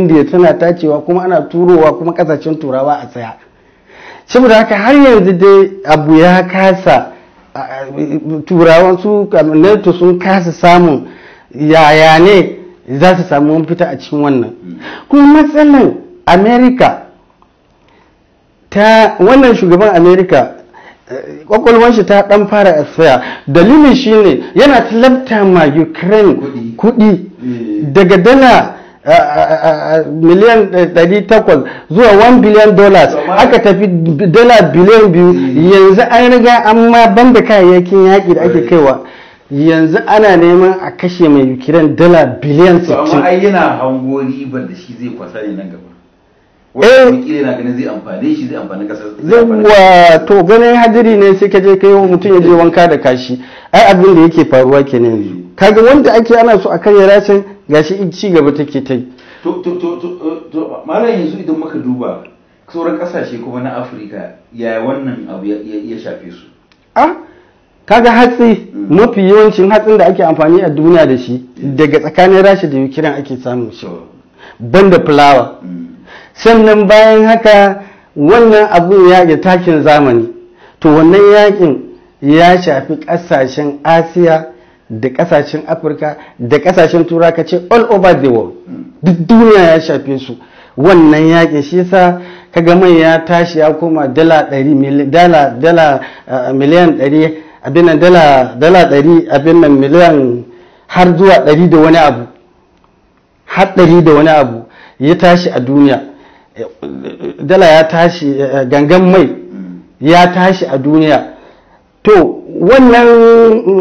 indiya tana tacewa kuma ana turowa kuma kasashen turawa a tsaya saboda haka har yanzu dai abu ya kasa turawan su neto sun kasa samun yaya ne za su samu mafita a cikin wannan kuma matsalan amerika ta wannan shugaban amerika kwakwalwar eh, shi ta dan fara tsaya dalilin shine yana talabta ma ukraine kudi eh. daga dala miliyan ɗari takwas zuwa 1 billion dollars aka tafi dala biliyan biyu hmm. yanzu an riga an ma banda kayayyakin yaƙi da ake kaiwa yanzu ana neman a kashe mai yukiran dala biliyan 60 amma yana hango ribar da shi zai kwasa ne nan gaba Wani eh. wato ganin hadiri ne sai ka je kai mutum ya je wanka da kashi ai abin da yake faruwa kenan kaga wanda ake ana so a kan ya rashin gashi in ci gaba take ta yi to to to yanzu idan muka duba sauran kasashe kuma na afirka ya wannan abu ya shafe su a ah, kaga hatsi mm. mafi yawancin hatsin da ake amfani a duniya da shi daga tsakanin rashi da ukraine ake samun shi banda fulawa mm. sannan bayan haka wannan abu ya takin zamani to wannan yakin ya shafi kasashen asiya da kasashen afirka da kasashen tura ka ce all over the world duk duniya ya shafe su wannan yaƙi shi sa kaga mai ya tashi ya koma dala eh, miliyan ɗari abin nan dala ɗari abin nan miliyan har zuwa ɗari da wani abu har ɗari da wani abu ya tashi a duniya eh, dala ya tashi eh, gangan mai ya tashi a duniya to wannan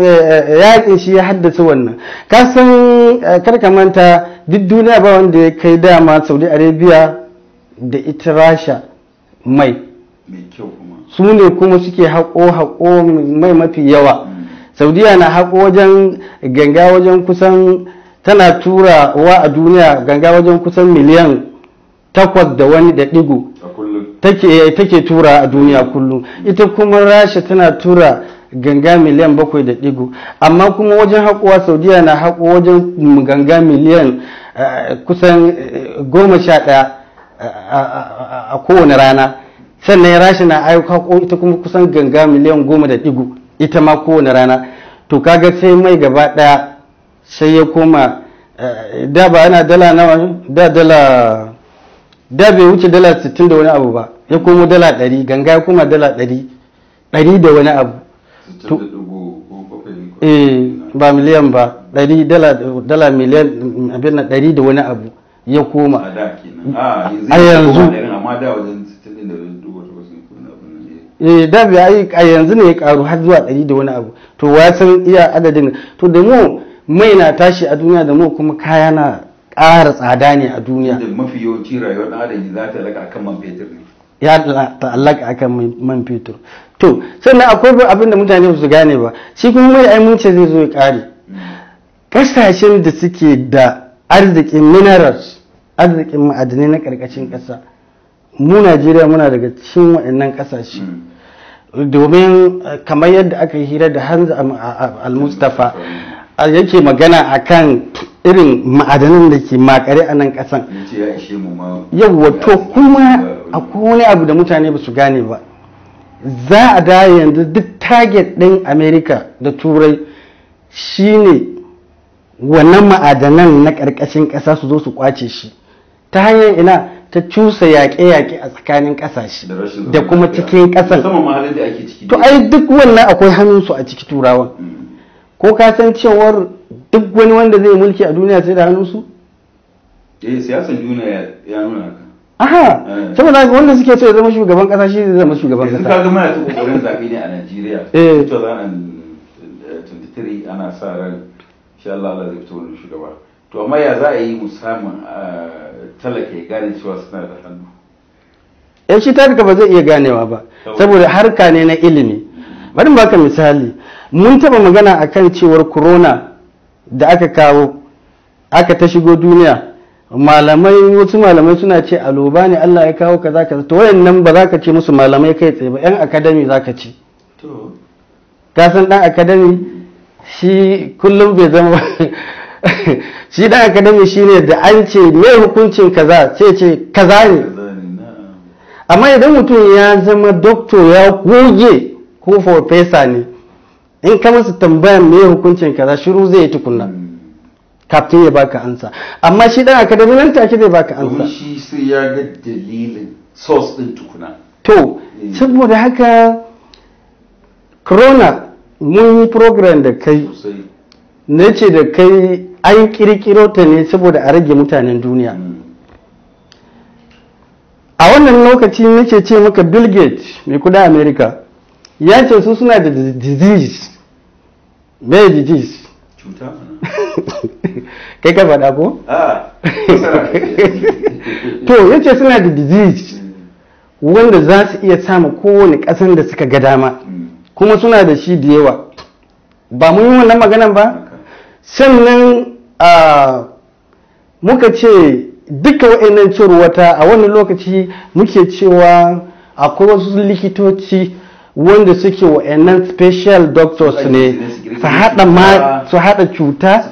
eh, eh, yaƙin shi ya haddasa wannan kasan eh, manta duk duniya ba wanda ya kai dama saudi arabia da ita rasha mai su ne kuma suke haƙo haƙo mai mafi yawa mm. saudiya na haƙo wajen ganga wajen kusan tana tura wa a duniya ganga wajen kusan miliyan takwas da wani da ɗigo Eh, take tura a duniya kullum ita kuma rasha tana tura ganga miliyan bakwai da digo amma kuma wajen haƙuwa saudiya na haƙo wajen ganga miliyan eh, kusan eh, goma sha ɗaya a kowane rana sannan rasha na ayyuka ita kuma kusan ganga miliyan goma da digo ita ma kowane rana to kaga sai mai gaba ɗaya sai ya koma da ba yana dala nawa da dala da bai wuce dala 60 da wani abu ba ya komo dala 100 ganga ya koma dala 100 100 da wani abu eh ba miliyan ba 100 dala miliyan abin na 100 da wani abu ya koma a yanzu eh da bai a yanzu ne ya karu har zuwa 100 da wani abu to wa san iya adadin to da mu mai na tashi a duniya da mu kuma kaya na ƙara tsada ne a duniya da mafi yawanci rayuwar ɗan adam za ta laƙa akan man fetur ne ya ta'allaka akan man fetur to sannan akwai abin da mutane su gane ba shi kuma mai ai ce zai zo ya ƙare ƙasashen da suke da arzikin minerals arzikin ma'adanai na ƙarƙashin ƙasa mu najeriya muna daga cikin waɗannan ƙasashe mm. domin eh, kamar yadda aka yi hira da hanzu ah, ah, al-mustafa mm. yake magana akan irin ma'adanan da ke makare a nan kasan yawwa to kuma akwai wani abu da mutane ba su gane ba za a daya yanzu duk target ɗin Amerika da turai shine wannan ma'adanan na ƙarƙashin ƙasa su zo su kwace shi ta hanyar ina ta cusa yaƙe-yaƙe a tsakanin ƙasashe da kuma cikin ƙasan to ai duk wannan akwai hannun su a ciki turawan mm. ko ka san cewar duk wani wanda zai mulki a duniya sai da hannun su eh siyasar duniya ya nuna ka aha eh. saboda haka wanda suke so ya zama shugaban kasa shi zai zama shugaban kasa kaga mana ta kokarin zafi ne a Najeriya eh 2023 eh, ana sa ran insha Allah Allah zai fito wani shugaba to amma ya za a yi musamman eh, talaka ya gane cewa suna da hannu eh shi talaka ba zai iya ganewa ba saboda harka ne na ilimi bari baka misali mun taba magana akan cewar corona da aka kawo aka ta shigo duniya malamai wasu malamai suna ce aloba ne Allah ya kawo kaza kaza to wayannan ba za ka ce musu malamai kai tsaye ba yan akadami za ka ce ka san dan akadami shi kullum bai zama shi dan akadami ne da an ce mai hukuncin kaza sai ce kaza ne amma idan mutum ya zama doktor ya goge ko farfesa ne in ka masa tambayan me hukuncin kaza shiru zai yi tukunna kafin ya baka ansa amma shi dan akadami nan take zai baka ansa shi sai ya ga dalilin source din tukuna to eh. saboda haka corona mun yi program da kai na ce da kai an kirkiro ta ne saboda a rage mutanen duniya hmm. a wannan lokaci nake ce maka bill gates mai kudin america ya ce su suna da disease mai disease kai ka faɗa ko? Ah. to yace suna da disease hmm. wanda za su iya samu kowane ƙasan da suka ga dama hmm. kuma suna da shi da yawa ba mun yi wannan maganan ba sannan ah, muka ce duka wa'annan wata a wani lokaci muke cewa akwai wasu likitoci wanda suke wa'annan special doctors ne su haɗa cuta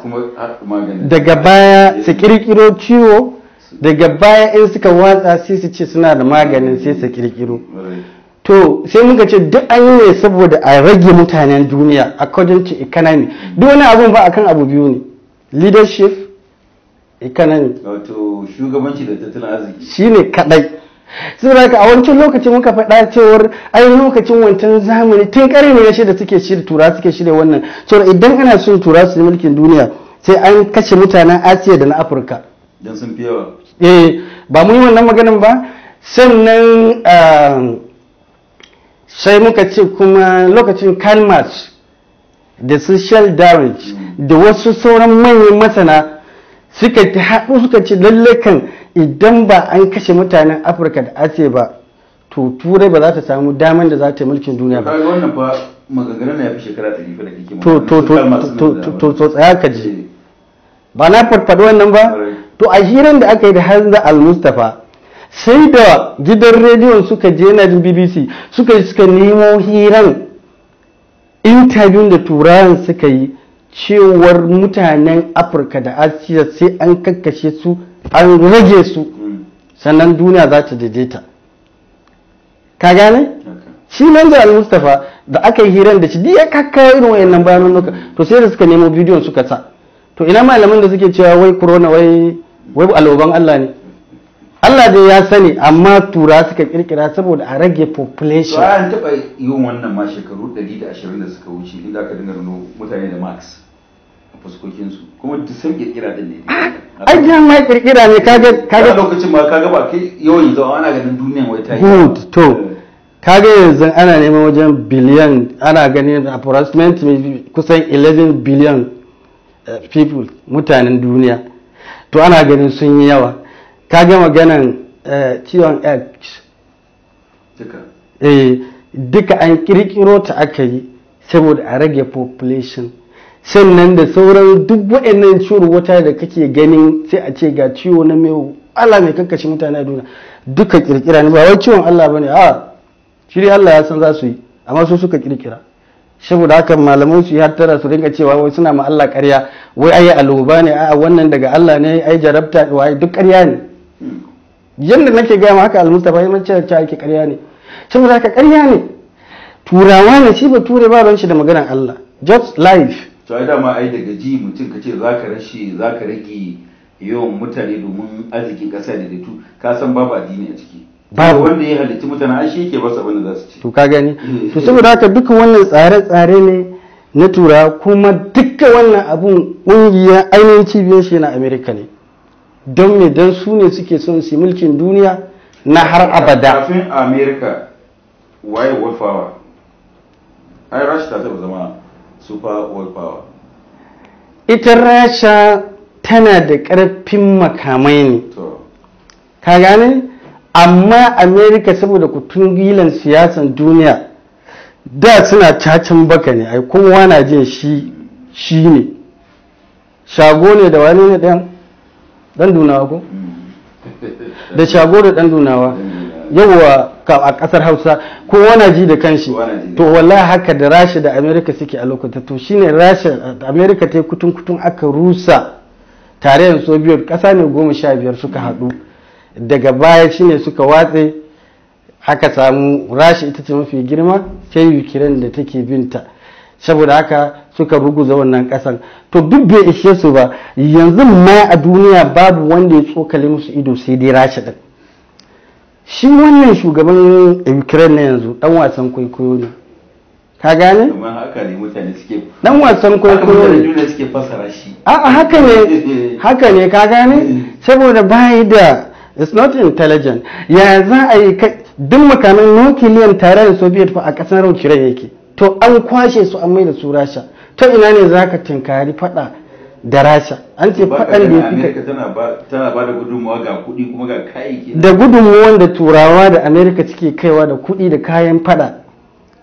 daga baya su kirkiro ciwo daga baya in suka watsa sai su ce suna da maganin sai su kirkiro to sai muka ce duk an yi ne saboda a rage mutanen duniya according to economy duk wani abun ba akan abu biyu ne leadership economy wato shugabanci da tattalin arziki shine kadai saboda ka a wancan lokacin muka faɗa cewar ainihin lokacin wancan zamani tun ƙari ne na shida suke shirya tura suke shirya wannan cewar idan ana son tura su mulkin duniya sai an kashe mutanen asiya da na afirka don sun fi yawa eh ba mu yi wannan maganin ba sannan ah, sai muka ce kuma lokacin kalmas da su shell damage hmm. da wasu sauran manyan masana suka haɗu suka ce lalle kan idan ba an kashe mutanen afirka da asiya ba to turai ba za ta samu daman da za ta yi mulkin duniya ba wannan fa shekara da kike to to to to tsaya ka ji ba na farfado wannan ba to a hirar da aka yi da hanzar al-mustafa sai da gidan rediyon suka je na jin bbc suka suka nemo hiran intabiyun da turayen suka yi cewar mutanen afirka da asiya sai an kakkashe su an rage su hmm. sannan duniya za ta daidaita ka gane shi manzo al-mustafa da aka yi hirar da shi ya kakka irin wayannan bayanan to sai da suka nemo bidiyon suka sa to ina malamin da suke cewa wai corona wai wai aloban Allah ne Allah dai ya sani amma tura suka kirkira saboda a rage population. Ba an taɓa yin wannan ma shekaru 120 da suka wuce inda aka dinga mutane da max. fuskokinsu kuma duk sun kirkira din ne ai jan mai kirkira ne kaga kaga lokacin ma kaga ba kai yawan zama ana ganin duniyan wai ta yi to eh. kaga yanzu ana neman wajen biliyan ana ganin approximate kusan 11 biliyan eh, people mutanen duniya to ana ganin sun yi yawa kaga maganan eh, ciwon x duka an kirkiro ta aka yi saboda a rage population sannan da sauran duk waɗannan wata da kake ganin sai a ce ga ciwo na mai Allah mai kakkashe mutane a duniya duka kirkira ne ba wai ciwon Allah bane a shi Allah ya san za su yi amma su suka kirkira saboda haka malaman su har tara su ringa cewa wai suna ma Allah ƙarya wai ai aluba ne a wannan daga Allah ne ai jarabta wai duk ƙarya ne yanda nake ga ma haka almustafa yana cewa ta yake ƙarya ne saboda haka ƙarya ne turawa ne shi ba ture ba ran shi da maganar Allah just life to ai dama ai daga ji mutum ka ce za ka rashe za ka rage yawan mutane domin arzikin ƙasa da datu ka san babu addini a ciki babu wanda ya halitti mutane an shi yake basa wanda da za su ci to ka gani eh. to saboda haka duka wannan tsare-tsare ne na tura kuma duka wannan abun ƙungiyar ainihin cibiyar shi na amerika ne don me don su ne suke son su mulkin duniya na har abada kafin amerika waye wolfawa ai rashi ta zama super world power ita rasha tana da ƙarfin makamai ne ka gane amma amerika saboda kutungilan siyasan duniya da suna cacin baka ne ai kowa na jin shi shi ne shago ne da wani ne ɗan dunawa ko da shago da ɗan dunawa yawa a kasar hausa kowa na ji da kanshi to wallahi haka da rasha da amerika suke a lokacin to shine rasha da amerika ta kutun kutun aka rusa tare da soviet kasa ne goma sha biyar suka haɗu daga baya shine suka watse aka samu rasha ita ce mafi girma sai ukraine da take binta saboda haka suka ruguza wannan kasan to duk bai ishe su ba yanzu ma a duniya babu wanda ya tsokale musu ido sai dai rasha din shi wannan shugaban ukraine na yanzu dan wasan kwaikwayo ne ka gane dan wasan kwaikwayo ne suke fasara shi a haka ne haka ne ka gane saboda bayi da it's not intelligent ya za a yi duk makamin nukiliyan tare da soviet fa a kasar ukraine yake to an kwashe su an mai da su rasha ta ina ne za ka tinkari fada da rasha an ce faɗan da ya fi tana ba da gudunmuwa ga kuɗi kuma ga kayayyaki da gudunmuwan da turawa da amerika suke kaiwa da kuɗi da kayan faɗa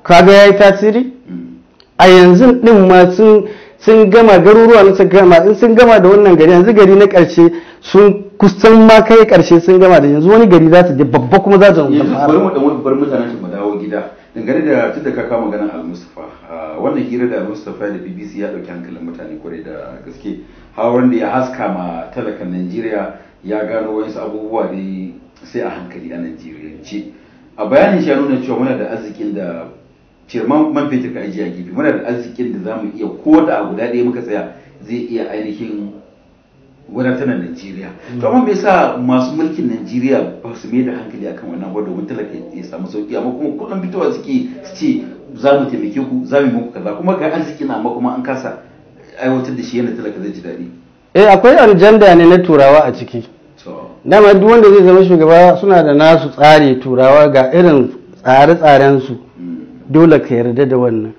kaga ya yi tasiri a yanzu ɗin ma sun gama garuruwa na sun gama sun gama da wannan gari yanzu gari na ƙarshe sun kusan ma kai ƙarshe sun gama da yanzu wani gari za su je babba kuma za su zama yanzu bari mu dan wani bar mutanen su mu dawo gida dangane da tun da ka kama ganin almustafa wannan hira da almustafa da bbc ya dauki hankalin mutane kwarai da gaske hawan da ya haska ma talakan najeriya ya gano wasu abubuwa ne sai a hankali a najeriyanci a bayanin shi ya nuna cewa muna da arzikin da cirman man fetur ka ajiye a gefe muna da arzikin da za mu iya ko da a guda ɗaya muka tsaya zai iya ainihin wadatanar Najeriya. Mm. To amma me yasa masu mulkin Najeriya ba su mai da hankali akan wannan ba domin talaka ya samu sauki amma kuma kullum fitowa suke su ce za mu taimake ku za mu yi muku kaza kuma ga arziki na amma kuma an kasa aiwatar da shi yana talaka zai ji daɗi. Eh akwai aljanda ne na turawa a ciki. Dama duk wanda zai zama shugaba suna da nasu tsari turawa ga irin tsare-tsarensu mm. dole ka yarda da wannan.